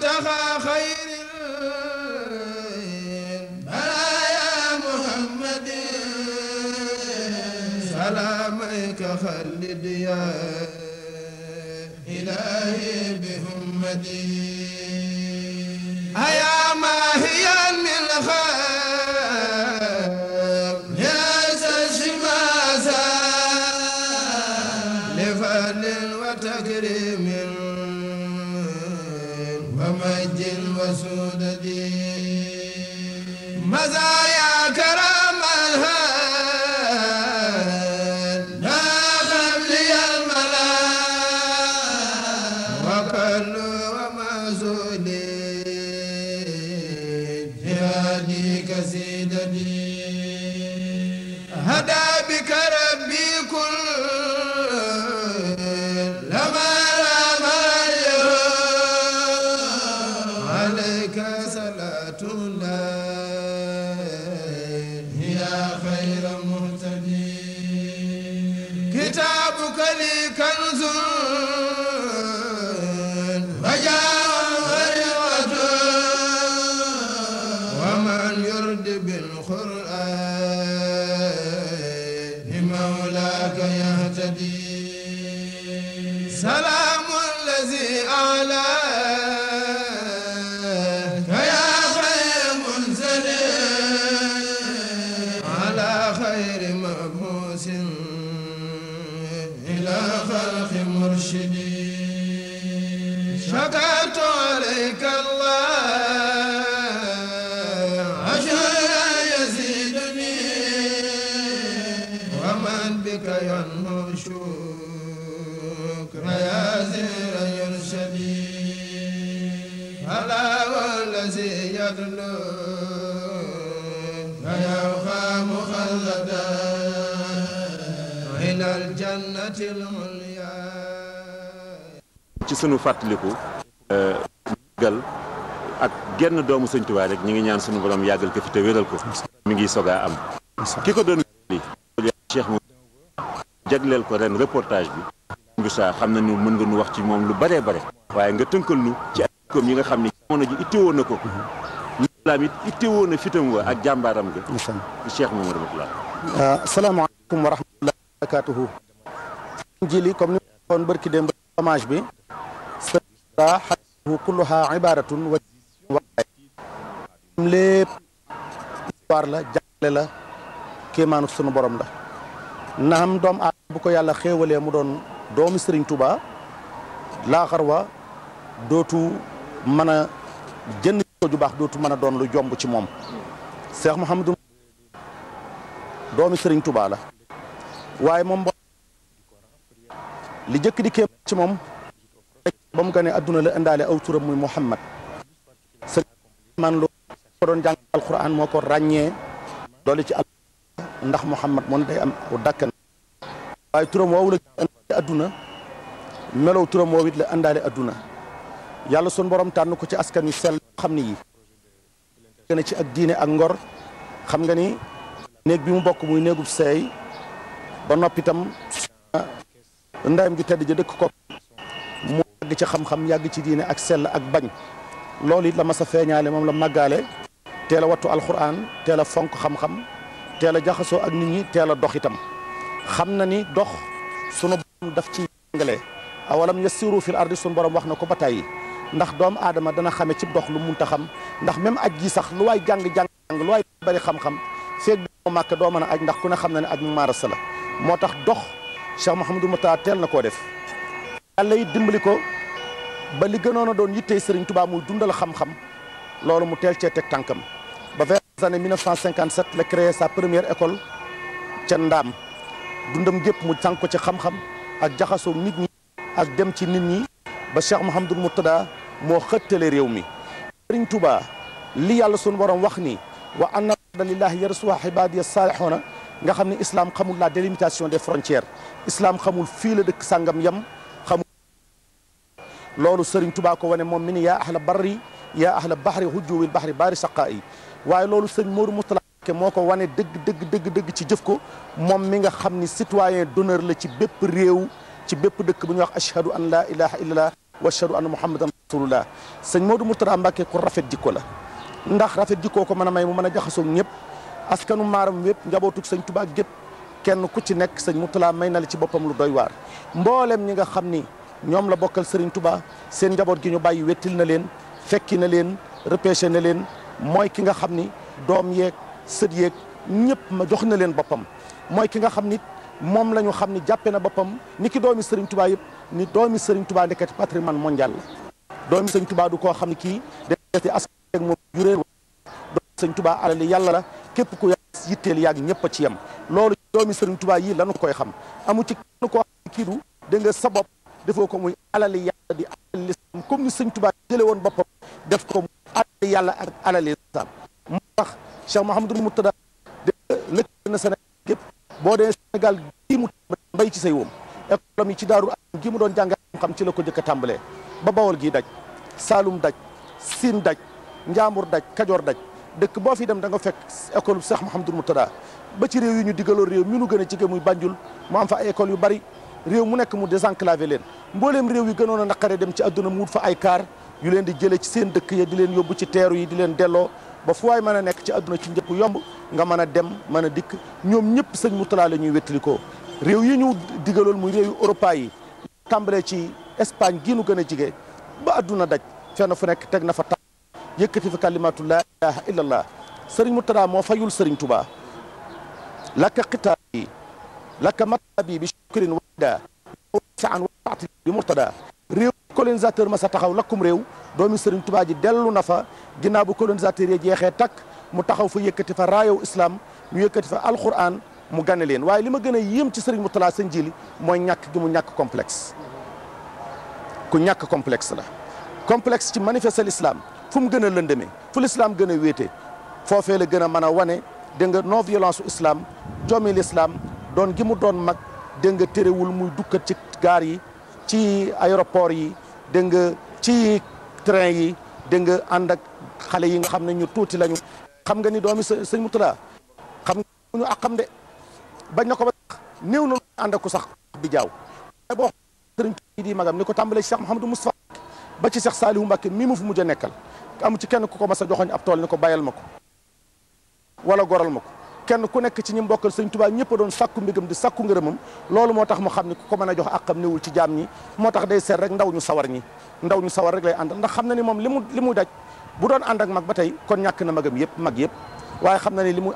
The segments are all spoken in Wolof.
منتهى خير برايا محمد سلامك خلد يا إلهي بهمتي maza kitaabuka lii kanzun wa jaawun wa riwatun wa man yurdi bil qur'aani mawlaaka yahtadi salaamu allazi ci sunu fàttaliku. Euh, màggal ak genn doomu Sëñ Tuubaa rek ñu ngi ñaan sunu borom yàggal ko fi wéral ko. mi ngi soog a am. ki ko doon li jagleel ko ren reportage bi. Moussa xam nu mën nga nu wax ci moom lu baree bare. waaye nga tënkal nu ci ay kom yi nga xam ni jamono ji itteewoon na ko. lislaam it itteewoon na fitam wa ak jàmbaaram ga. Cheikh Mamadou Moussa. Ah, asalaamaaleykum wa rahmatulah. jili comme ni waxoon bërki démb hommage bi sëra xadiisu kulluha ibaratun wa waay am lépp histoire la jàngale la kéemaanu sunu borom la naam doom aadama bu ko yàlla xéewalee mu doon doomi Sëriñ Tuba laaxar wa dootu mën a jënd ju baax dootu mën a doon lu jomb ci moom Cheikh Mouhamadou doomi Sëriñ Tuba la waaye moom li jëkk di kéem ci moom ba mu gane adduna la indaale aw turam muy Muhammad sëriñ ko doon jàng alquran moo ko ràññee doole ci al ndax Muhammad moom day am aw dàkkan waaye turam woowu la indaale adduna melow turam woowu la indaale adduna yàlla sun boroom tànn ko ci askan yu sell xam ni yi ci ak diine ak ngor xam nga ni néeg bi mu bokk muy néegub seey ba noppitam ndayam ju tedd ja dëkk ko mu yàgg ci xam-xam ci diine ak sell ak bañ loolu it la mas a feeñaale moom la màggaale teel a wattu alxuraan teel a fonk xam-xam a jaxasoo ak nit ñi teel dox itam xam na ni dox sunu borom daf ci jàngale awalam yasiru borom wax na ko ba tàyyi ndax doom aadama dana xame ci dox lu mun munta xam ndax même aj gi sax lu waay jàng jàng lu waay bari xam-xam feeg moo màkk doo mën a aj ndax ku ne xam na ne aj mu maarasa la moo tax dox Cheikh Mouhamadou Mouta teel na koo def yàlla it dimbali ko ba li gënoon a doon yittee Serigne Touba muy dundal xam-xam loolu mu teel cee teg tànkam ba vers les années 1957 la créé sa première école ca Ndaam dundam jëpp mu sànq ci xam-xam ak jaxasoo nit ñi ak dem ci nit ñi ba Cheikh Mouhamadou Moutada moo xëttale réew mi Serigne Touba li yàlla sunu borom wax ni wa anna lillahi yarsuha ibadiya salihuna nga xam ne islam xamul la délimitation des frontières islam xamul fii la dëkk sangam yam xamul loolu sëriñ Touba ko wane moom mi ni ya ahla barri yaa ahla bahri hujjuwil bahri baari saqaa yi waaye loolu sëñ Modou Moustapha Mbacké moo ko wane dëgg dëgg dëgg dëgg ci jëf ko moom mi nga xam ni citoyen d'honneur la ci bépp réew ci bépp dëkk bu ñu wax ashhadu an la ilaha illallah wa ashhadu anna muhammadan rasulullah sëñ Modou Moustapha Mbacké ku rafet jikko la ndax rafet jikkoo ko mën a may mu mën a jaxasoo ñëpp askanu maaram yëpp njabootug sëñ Tuubaa gépp kenn ku ci nekk sëñ Mourtala may na la ci boppam lu doy waar mboolem ñi nga xam ni ñoom la bokkal Serigne Touba seen njaboot gi ñu bàyyi wettil na leen fekki na leen repêché na leen mooy ki nga xam ni doom yeeg sët yeeg ñëpp ma jox na leen boppam. mooy ki nga xam ni moom la ñu xam ni jàppe na boppam ni ki doomi sëriñ tubaa yëpp ni doomi Serigne Touba ndekete patrimoine mondial la. doomi Serigne Touba du koo xam ni kii day des di askan wi moom juree doomi yàlla la. képp ku yàgg yitteel yàgg ñëpp a ci yem loolu doomi Sëriñ Tuubaa yi lañu koy xam amu ci kenn koo xam kii nga sa bopp defoo ko muy alali yàlla di alali lislaam comme ni Sëriñ Tuubaa jële woon boppam def ko muy alali yàlla ak alali lislaam moo tax Cheikh Mouhamadul Moutada de lëkkal na Sénégal gépp boo dee Sénégal gii mu ci say woom école yi ci daaru am gi doon jàng xam ci la ko jëkk a tàmbalee ba bawol gii daj Saalum daj Siin daj Njaambur daj Kajoor daj dëkk boo fi dem da nga fekk école bu Cheikh Mouhamadou Mourtada ba ci réew yi ñu digaloon réew mi nu gën a jigée muy Banjul mu am fa ay école yu bari réew mu nekk mu désenclavé leen mbooleem réew yi gënoon a naqare dem ci adduna mu wut fa ay kaar yu leen di jëlee ci seen dëkk ya di leen yóbbu ci teeru yi di leen delloo ba fu waay mën a nekk ci àdduna ci njëkk yomb nga mën a dem mën a dikk ñoom ñëpp sëñ Mourtada la ñuy wettilikoo réew yi ñu digaloon muy réew yu Europa yi tàmbalee ci Espagne gii nu gën a jige ba àdduna daj fu nekk teg na fa yëkkati fa kalimatu laa ilaha illa allah sëriñ Murtada moo fayul sëriñ Tuba lakk xitaabi laka matabi bi shukrin wada saan waati bi Murtada réew colonisateur ma sa taxaw lakkum réew doomi sëriñ tubaa ji dellu na fa ginnaaw bu colonisateur yi jeexee takk mu taxaw fa yëkkati fa raayow islam ñu yëkkati fa alquran mu gane leen waaye li ma gën a yéem ci sëriñ Murtada sëñ jili mooy ñàkk gi mu ñàkk complexe ku ñàkk complexe la ci manifester fu mu gën a lëndëmee fu l'islam gën a wéete foofee la gën a mën a wane dégg nga non violence islam joomi l'islam doon gi mu doon mag dégg nga terewul muy dukkat ci gaar yi ci aéroport yi dégg nga ci train yi dégg nga ànd ak xale yi nga xam ne ñu tuuti lañu xam nga ni doomi sëñ Mutula xam nga ñu àqam de bañ na ko ba néew na ànd ak ku sax bi jaaw boo sëriñ di magam ni ko tàmbalee Cheikh Mouhamadou Moustapha ba ci Seex Saaliwu Mbàkke mii mu fi mujj a nekkal am ci kenn ku ko mas a joxoñ ab tool ni ko bàyyal ma ko wala goral ma ko kenn ku nekk ci ñi mbokkal sëñ Tuubaa ñëpp a doon sàkku mbigam di sàkku ngërëmam loolu moo tax mu xam ne ku ko mën a jox àqam newul ci jaam ñi moo tax day seet rek ndaw ñu sawar ñi ndaw ñu sawar rek lay àndal ndax xam na ni moom li mu li mu daj bu doon ànd ak mag ba tey kon ñàkk na magam yëpp mag yëpp waaye xam na ni li mu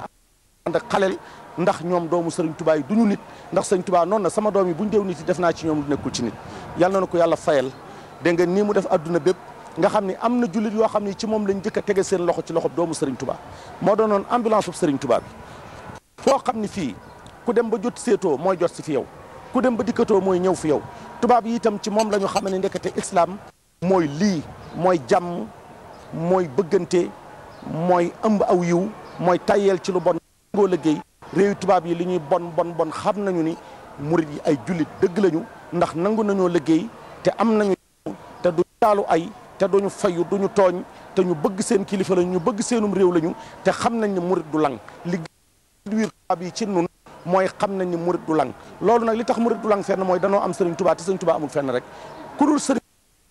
ànd ak xaleel ndax ñoom doomu sëriñ Tuubaa yi du ñu nit ndax sëñ Tuubaa noonu na sama doom yi bu ñu déew nit yi def naa ci ñoom lu nekkul ci nit yàlla ko yàlla fayal dégg nga nii mu def adduna bépp nga xam ni am na jullit yoo xam ni ci moom lañ njëkk a tege seen loxo ci loxo doomu Serigne Touba moo doonoon ambulance bu Serigne Touba bi. foo xam ni fii ku dem ba jot seetoo mooy jot si fi yow ku dem ba dikkatoo mooy ñëw fi yow tubaab yi itam ci moom la xam ne ndekete islam mooy lii mooy jàmm mooy bëggante mooy ëmb aw yiw mooy tayyeel ci lu bon ngoo liggéey réewi tubaab yi li ñuy bon bon bon xam nañu ni murit yi ay jullit dëgg lañu ndax nangu nañoo liggéey te am nañu taalu ay te duñu fayu duñu tooñ te ñu bëgg seen kilifa lañu ñu bëgg seenum réew lañu te xam nañ ne murit du lang li wiir tubaab yi ci nun mooy xam nañ ne loolu nag li tax murit du lang fenn mooy danoo am sëriñ tubaa te sëriñ tubaa rek ku dul sëriñ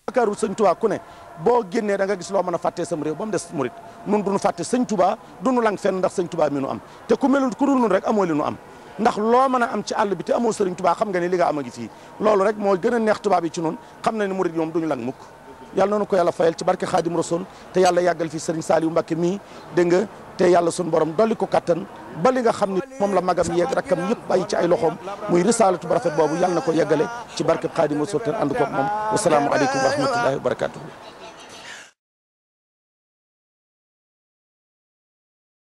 yaakaarul sëñ tubaa ku ne boo génnee da nga gis loo mën a fàttee sam réew ba mu des murit nun duñu fàtte sëñ tubaa duñu lang fenn ndax sëñ tubaa mi nu am te ku melul ku dul nun rek amoo nu am ndax loo mën a am ci àll bi te amoo sëriñ tubaa xam nga ne li nga am a ngi fii loolu rek moo gën a neex tubaab ci nun xam na ne murit yi moom duñu lang mukk yàlla noonu ko yàlla fayal ci barke xaadim rasul te yàlla yàggal fi Serigne Saliou Mbacké mii dégg nga te yàlla sunu borom dolli ko kattan ba li nga xam ni moom la magam yeeg rakkam yëpp bàyyi ci ay loxoom muy risaalatu bu rafet boobu yàlla na ko yeggale ci barke xaadim rasul te ànd koog moom wasalaamualeykum wa rahmatullahi wa barakatuhu